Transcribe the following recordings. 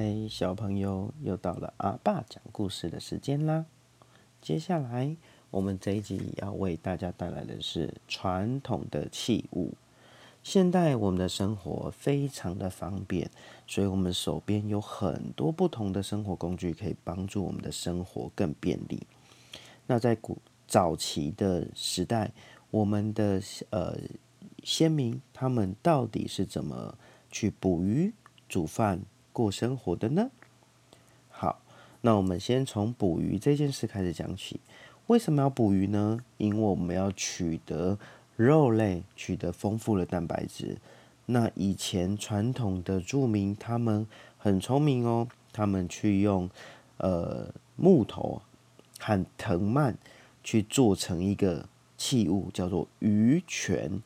嗨，小朋友，又到了阿爸講故事的時間啦！接下來我們這一集要為大家帶來的是傳統的器物。現代我們的生活非常的方便，所以我們手邊有很多不同的生活工具，可以幫助我們的生活更便利。那在古早期的時代，我們的呃先民他們到底是怎麼去捕魚、煮飯？過生活的呢？好，那我們先從捕魚這件事開始講起。為什麼要捕魚呢？因為我們要取得肉類，取得豐富的蛋白質。那以前傳統的住民，他們很聰明哦，他們去用呃木頭和藤蔓去做成一個器物，叫做魚筌。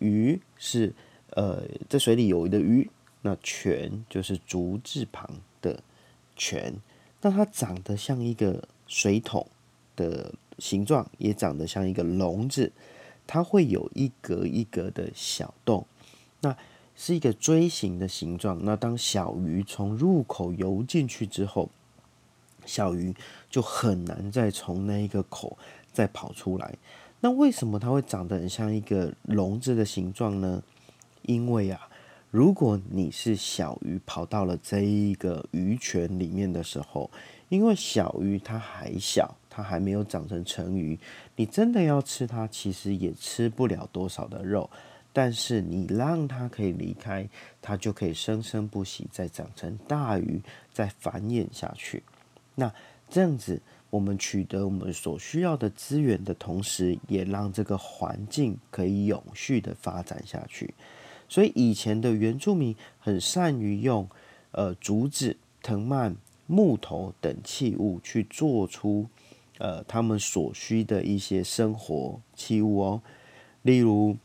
魚是呃在水裡游的魚。那“筌”就是竹字旁的“泉”，那它長得像一個水桶的形狀，也長得像一個籠子，它會有一格一格的小洞，那是一個錐形的形狀。那當小魚從入口游進去之後，小魚就很難再從那一個口再跑出來。那為什麼它會長得很像一個籠子的形狀呢？因為啊。如果你是小魚跑到了這一個魚筌裡面的時候，因為小魚它還小，它還沒有長成成魚，你真的要吃它，其實也吃不了多少的肉。但是你讓它可以離開，它就可以生生不息，再長成大魚，再繁衍下去。那這樣子，我們取得我們所需要的資源的同時，也讓這個環境可以永續的發展下去。所以以前的原住民很善於用，呃，竹子、藤蔓、木頭等器物去做出，呃，他們所需的一些生活器物哦。例如，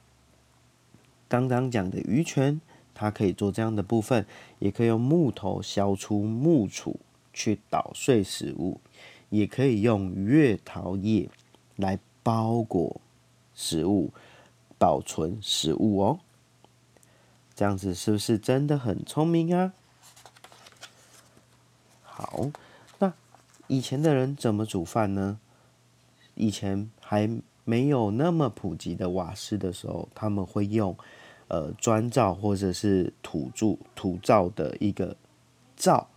剛剛講的魚筌，它可以做這樣的部分，也可以用木頭削出木杵去搗碎食物，也可以用月桃葉來包裹食物，保存食物哦。這樣子是不是真的很聰明啊？好，那以前的人怎麼煮飯呢？以前還沒有那麼普及的瓦斯的時候，他們會用呃磚灶或者是土築土灶的一個灶。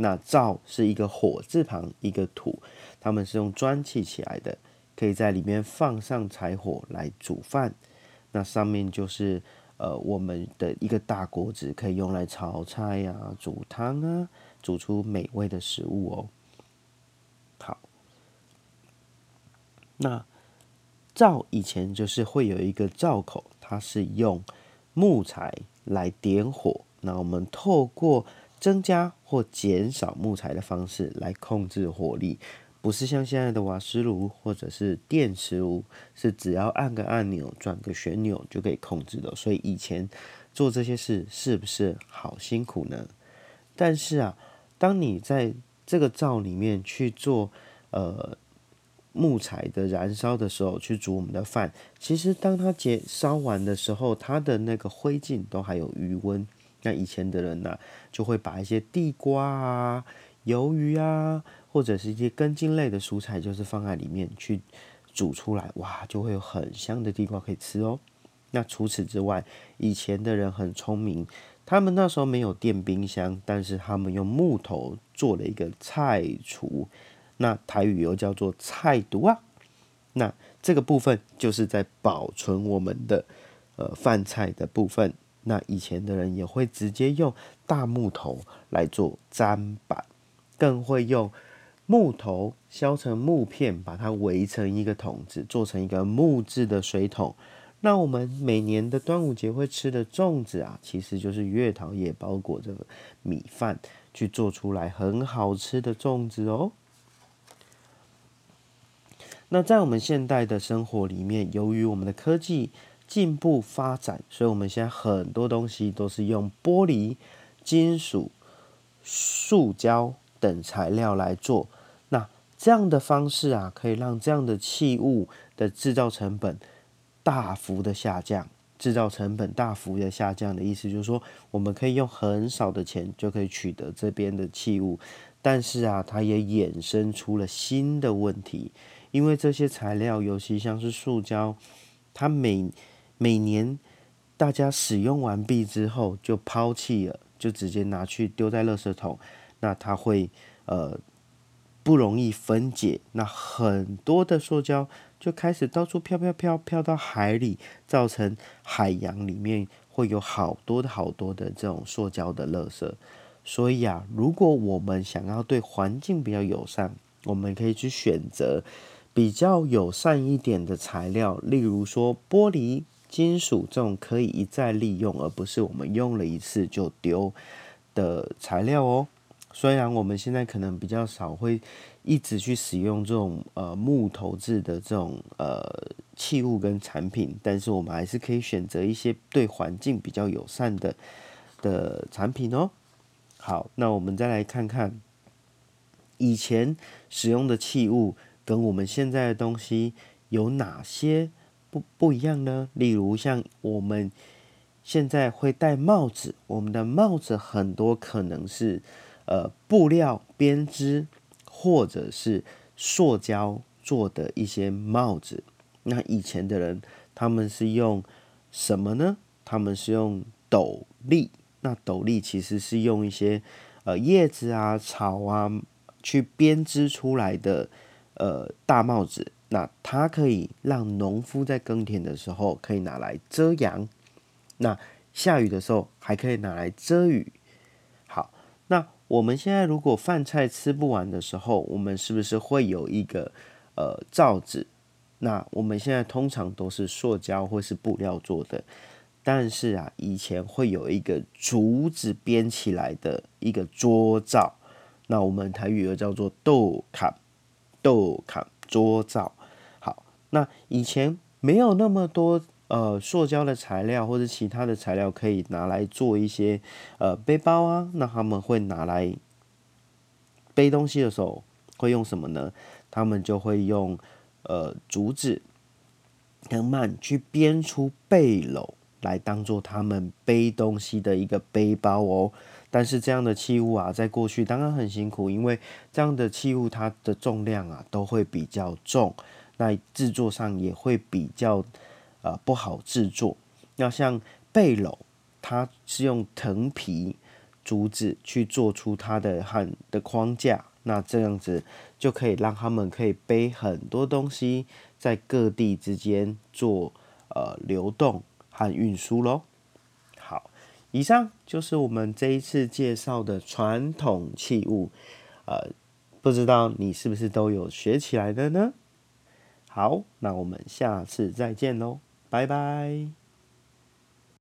那灶是一個火字旁一個土，他們是用磚砌起來的，可以在裡面放上柴火來煮飯。那上面就是。呃，我們的一個大鍋子可以用來炒菜呀、啊、煮湯啊，煮出美味的食物哦。好，那灶以前就是會有一個灶口，它是用木材來點火，那我們透過增加或減少木材的方式來控制火力。不是像現在的瓦斯爐或者是電磁爐，是只要按個按鈕、轉個旋鈕就可以控制的。所以以前做這些事是不是好辛苦呢？但是啊，當你在這個灶裡面去做呃木材的燃燒的時候，去煮我們的飯，其實當它結燒完的時候，它的那個灰燼都還有餘溫。那以前的人呢、啊，就會把一些地瓜啊。魷魚啊，或者是一些根莖類的蔬菜，就是放在裡面去煮出來，哇，就會有很香的地瓜可以吃哦。那除此之外，以前的人很聰明，他們那時候沒有電冰箱，但是他們用木頭做了一個菜櫥，那台語又叫做菜櫥啊。那這個部分就是在保存我們的呃飯菜的部分。那以前的人也會直接用大木頭來做砧板。更會用木頭削成木片，把它圍成一個桶子，做成一個木質的水桶。那我們每年的端午節會吃的粽子啊，其實就是月桃，也包裹着米飯去做出來，很好吃的粽子哦。那在我們現代的生活裡面，由於我們的科技進步發展，所以我們現在很多東西都是用玻璃、金屬、塑膠。等材料來做，那這樣的方式啊，可以讓這樣的器物的製造成本大幅的下降。製造成本大幅的下降的意思就是說，我們可以用很少的錢就可以取得這邊的器物，但是啊，它也衍生出了新的問題，因為這些材料，尤其像是塑膠，它每每年大家使用完畢之後就拋棄了，就直接拿去丟在垃圾桶。那它會，呃，不容易分解。那很多的塑膠就開始到處飄飄飄飄到海裡，造成海洋裡面會有好多的好多的這種塑膠的垃圾。所以啊，如果我們想要對環境比較友善，我們可以去選擇比較友善一點的材料，例如說玻璃、金屬這種可以一再利用，而不是我們用了一次就丟的材料哦、喔。雖然我們現在可能比較少會一直去使用這種呃木頭制的這種呃器物跟產品，但是我們還是可以選擇一些對環境比較友善的的產品哦、喔。好，那我們再來看看以前使用的器物跟我們現在的東西有哪些不不一樣呢？例如像我們現在會戴帽子，我們的帽子很多可能是。呃，布料編織或者是塑膠做的一些帽子，那以前的人他們是用什麼呢？他們是用斗笠。那斗笠其實是用一些呃葉子啊、草啊去編織出來的呃大帽子。那它可以讓農夫在耕田的時候可以拿來遮陽，那下雨的時候還可以拿來遮雨。我們現在如果飯菜吃不完的時候，我們是不是會有一個呃罩子？那我們現在通常都是塑膠或是布料做的，但是啊，以前會有一個竹子編起來的一個桌罩，那我們台語又叫做豆卡豆卡桌罩。好，那以前沒有那麼多，呃，塑膠的材料或者其他的材料可以拿來做一些呃背包啊。那他們會拿來背東西的時候，會用什麼呢？他們就會用呃竹子、藤蔓去編出背簍來，當做他們背東西的一個背包哦。但是這樣的器物啊，在過去當然很辛苦，因為這樣的器物它的重量啊都會比較重，那制作上也會比較。啊、呃，不好製作。要像背簍，它是用藤皮、竹子去做出它的和的框架，那這樣子就可以讓他們可以背很多東西，在各地之間做呃流動和運輸嘍。好，以上就是我們這一次介紹的傳統器物，呃，不知道你是不是都有學起來的呢？好，那我們下次再見嘍。拜拜。